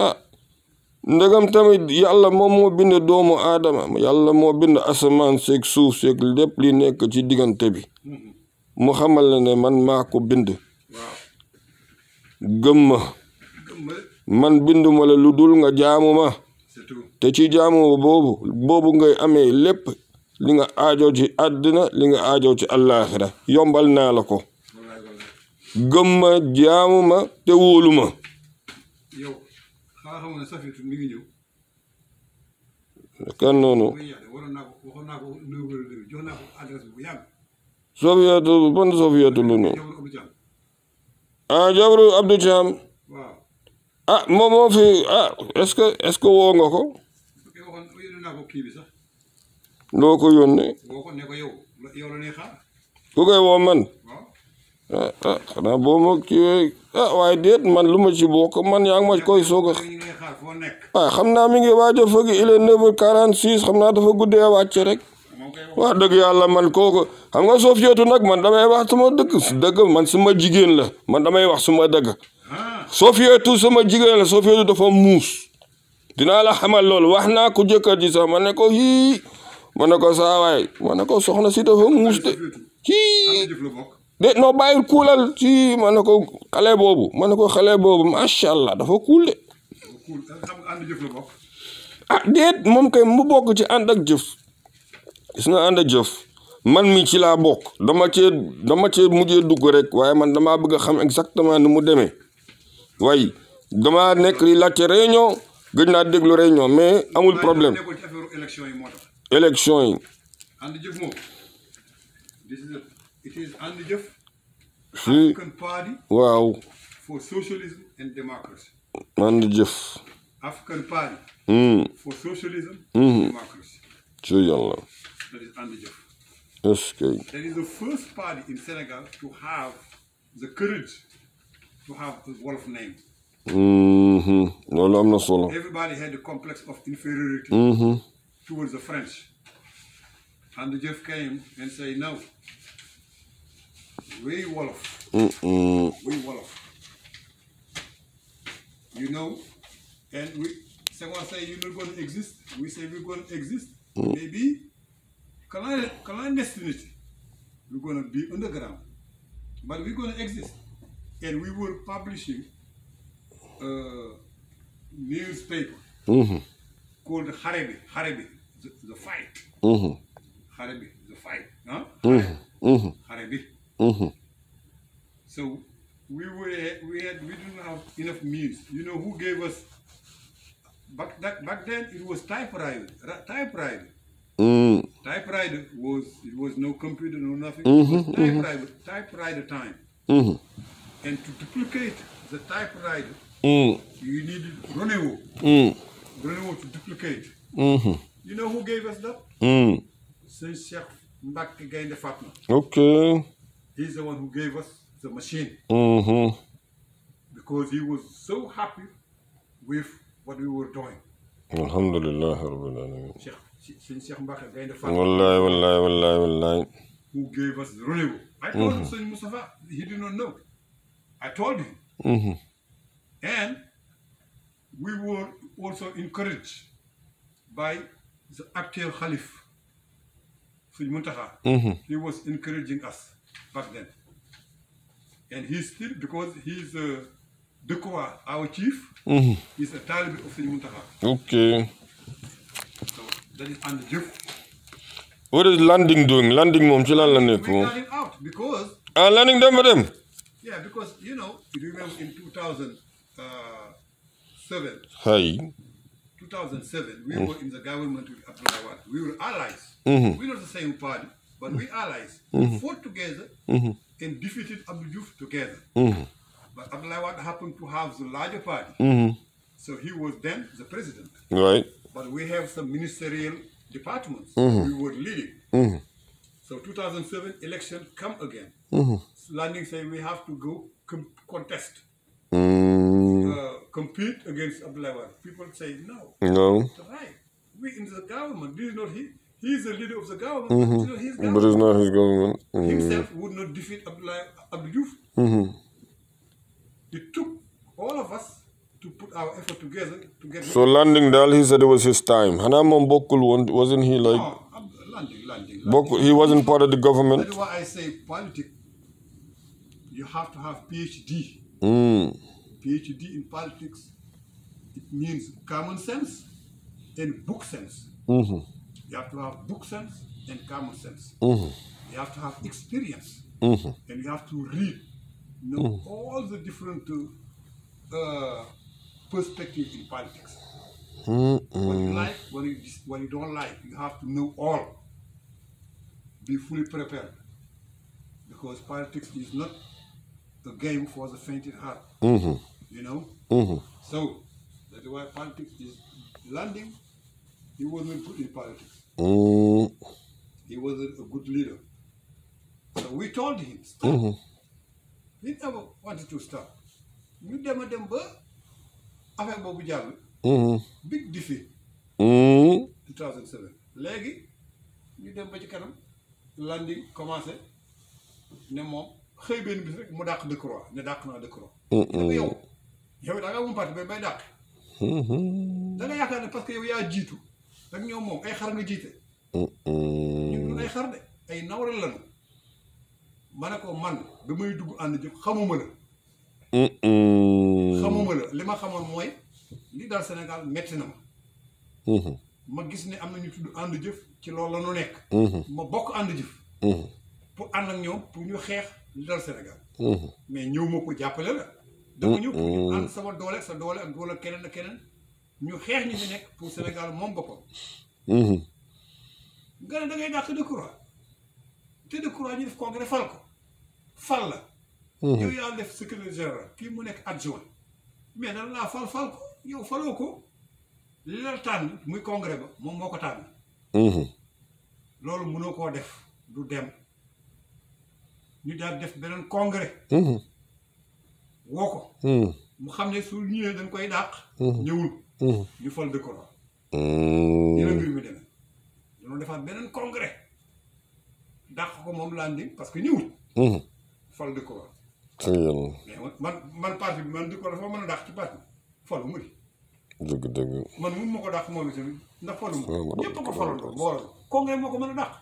ah ndegam tamit yàlla moom moo bind doomu aadama yàlla moo bind asamaan seeg suuf seeg lépp li nekk ci diggante bi mu xamal la ne man maa ko bind gëm ma man binduma la lu dul nga jamuma ma te ci jaamu boobu boobu ngay amee lépp li nga aajoo ci àddina li nga aajoo ci allaaxira yombal naa la ko gëm ma jaamu ma xanaa xamoon ne kan noonu. sofiyatu ban sofiyatu lu ñu. ah jabaru Abdou Thiam. Ah, moom moo fi ah est-ce que est-ce que woo nga ko. loo ko yónnee. ku koy woo man. ah ah xanaa boo ma kiiwee ah waaye déet man lu ma ci bokk man yaa ngi koy soog waa xam naa mi ngi waaj a fëgg il est neuf six xam naa dafa guddee wàcc rek wax dëgg yàlla man ko xam nga soo fiyatu nag man damay wax suma dëgg dëgg man suma jigéen la man damay wax suma dëgg ah. soo fiyatu jigéen la soo fiyatu muus dinaa la xamal loolu wax naa ko jëkkër ji sax ma ne ko hii ma ne ko saawaay ma ne ko soxna si dafa muus de hii de non bàyyil kuulal ci ma ne ko xale boobu ma ne ko xalee boobu macha allah dafa kuul de ah déet moom kay mu bokk ci ànd ak jëf gis nga ànd ak jëf man mi ci laa bokk dama cee dama cee mujjee dugg rek waaye man damaa bëgg a xam exactement ni mu demee waaye damaa nekk li laajte réunion gëj naa déglu réunion mais amul problème élection yi si waaw. for socialism and Manda jëf. African party. Mm. For socialism mm -hmm. and democracy. ci yàlla. That is And Jëf. est-ce que. That is the first party in Senegal to have the courage to have the Wolof name. Hmm. loolu am na solo. everybody had a complex of inferiority. Mm -hmm. towards the French. And Jëf came and say no. we Wolof. Hmm. we Wolof. you know, and we someone say you're not going to exist, we say we're going to exist. Hmm. Maybe clandestinity, we're going to be underground, but we're going exist. And we were publishing uh, newspaper mm -hmm. called Haribi, Haribi, the, the fight. Mm the fight. Huh? Mm -hmm. we were have enough meals. You know who gave us back then it was typewriter typewriter. Mm. Typewriter was it was no computer no nothing. Mm -hmm, time. Mm-hmm. And to duplicate the typewriter, mm. you needed Ronewo. Mm. Ronewo to duplicate. Mm-hmm. You know who gave us that? Mm. Saint Sheikh Mbakke Gaynde Fatma. Okay. He's the one who gave us the machine. Mm-hmm. Because he was so happy with what we were doing. alhamdulilah rabbil alamin. Cheikh Sëñ Cheikh Mbacke Gaynde Fatma. wallaay wallaay wallaay wallaay. who gave us the rendezvous. I told mm-hmm. Sëñ Moustapha he did not know. I told him. Mm-hmm. And we were also encouraged by the actual Khalif, Sëñ Muntaxa. Mm-hmm. He was encouraging us back then. and he's still because he's uh, Dekoa, our chief, mm-hmm. is a talib of Sri Muntaha. Okay. So that is under Jif. What is landing doing? Landing mom ci lan la nekk moom. Landing out because. ah landing dem ba dem. yeah because you know you remember in 2007. Hi. 2007 we mm. were in the government with Abdullah Wade. We were allies. Mm-hmm. We're not the same party. But we allies mm-hmm. fought together mm-hmm. and defeated Abdul Diouf together. Mm-hmm. But Abdullah Wad happened to have the larger party. So he was then the president. But we have some ministerial departments we were leading. So election come again. Landing say we have to go contest. Uh, compete against Abdullah Wad. People say no. No. Right. We in the government, this is he's the leader of the government. Mm -hmm. it's government. Mm-hmm. would not defeat Abdullah Abdul Yuf. It mm-hmm. took all of us to put our effort to get. landing Dal, he said it was his time. Hanamon Bokul, wasn't he like? he wasn't part of the government. I PhD. Mm. PhD It means common sense and book sense. Mm-hmm. You have to have book sense and common sense. Mm-hmm. You have to have experience. Mm-hmm. And you have to read. Mm-hmm. all the different uh, in politics. What you don't like, you have to know all. Be fully prepared. Because politics is not a game for the faint heart. You know? So, that's why politics is landing. He wasn't put in politics. Mm. He wasn't a good leader. we told him, stop. Mm -hmm. He wanted to stop. ñu dem a dem ba affaire boobu jàll. Mm-hmm. big defeat. 2007 mm-hmm. léegi ñu dem ba ci kanam landing commencé ne moom xëy benn bis rek mu daq Decroix ne dàq naa Decroix. yow yow da ngaa moom parti bay bay dàq. da ne parce que yow yaa jiitu. dag ñoo moom ay xar nga jiite ñun ñun ay xar de ay nawre lañu ma ne ko man bi may dugg ànd jëf xamuma la li ma xamoon mooy li daal Sénégal metti na ma mm-hmm. ma gis ne am na ñu tudd ànd jëf ci loolu la ñu nekk mm-hmm. ma bokk ànd jëf mm-hmm. pour ànd ak ñoom pour ñu xeex li daal Sénégal mais ñëw ma ko jàppale la dama ñëw pour ñu ànd sama doole sa doole ak doole keneen ak keneen ñu xeex ñi fi nekk pour Sénégal moom boppam. Mhm. nga ne da ngay dàq Decroix te Decroix ñu def congrès fal ko fal la. Mhm. yow yaa def secrétaire la kii mu nekk adjoint mais dana laa fal fal ko yow faloo ko li la tànn muy congrès ba moom moo ko tànn. Mhm. loolu mënoo koo def du dem ñu daal def beneen congrès. woo ko. mu xam ne su ñëwee dañ koy dàq. ñëwul. ñu fal dëkkoon. Mm. yeneen mbir mi demee. dañoo defaat beneen congre dàq ko moom Landing parce que ñëwul. Mm. fal dëkkoon. mais man man parti bi man dëkkoon dafa mën a dàq ci parti bi falu mu di. dëgg dëgg. man mun ma ko dàq moom itamit ndax falu mu. ñëpp a ko falal ko boolal moo ko mën a dàq.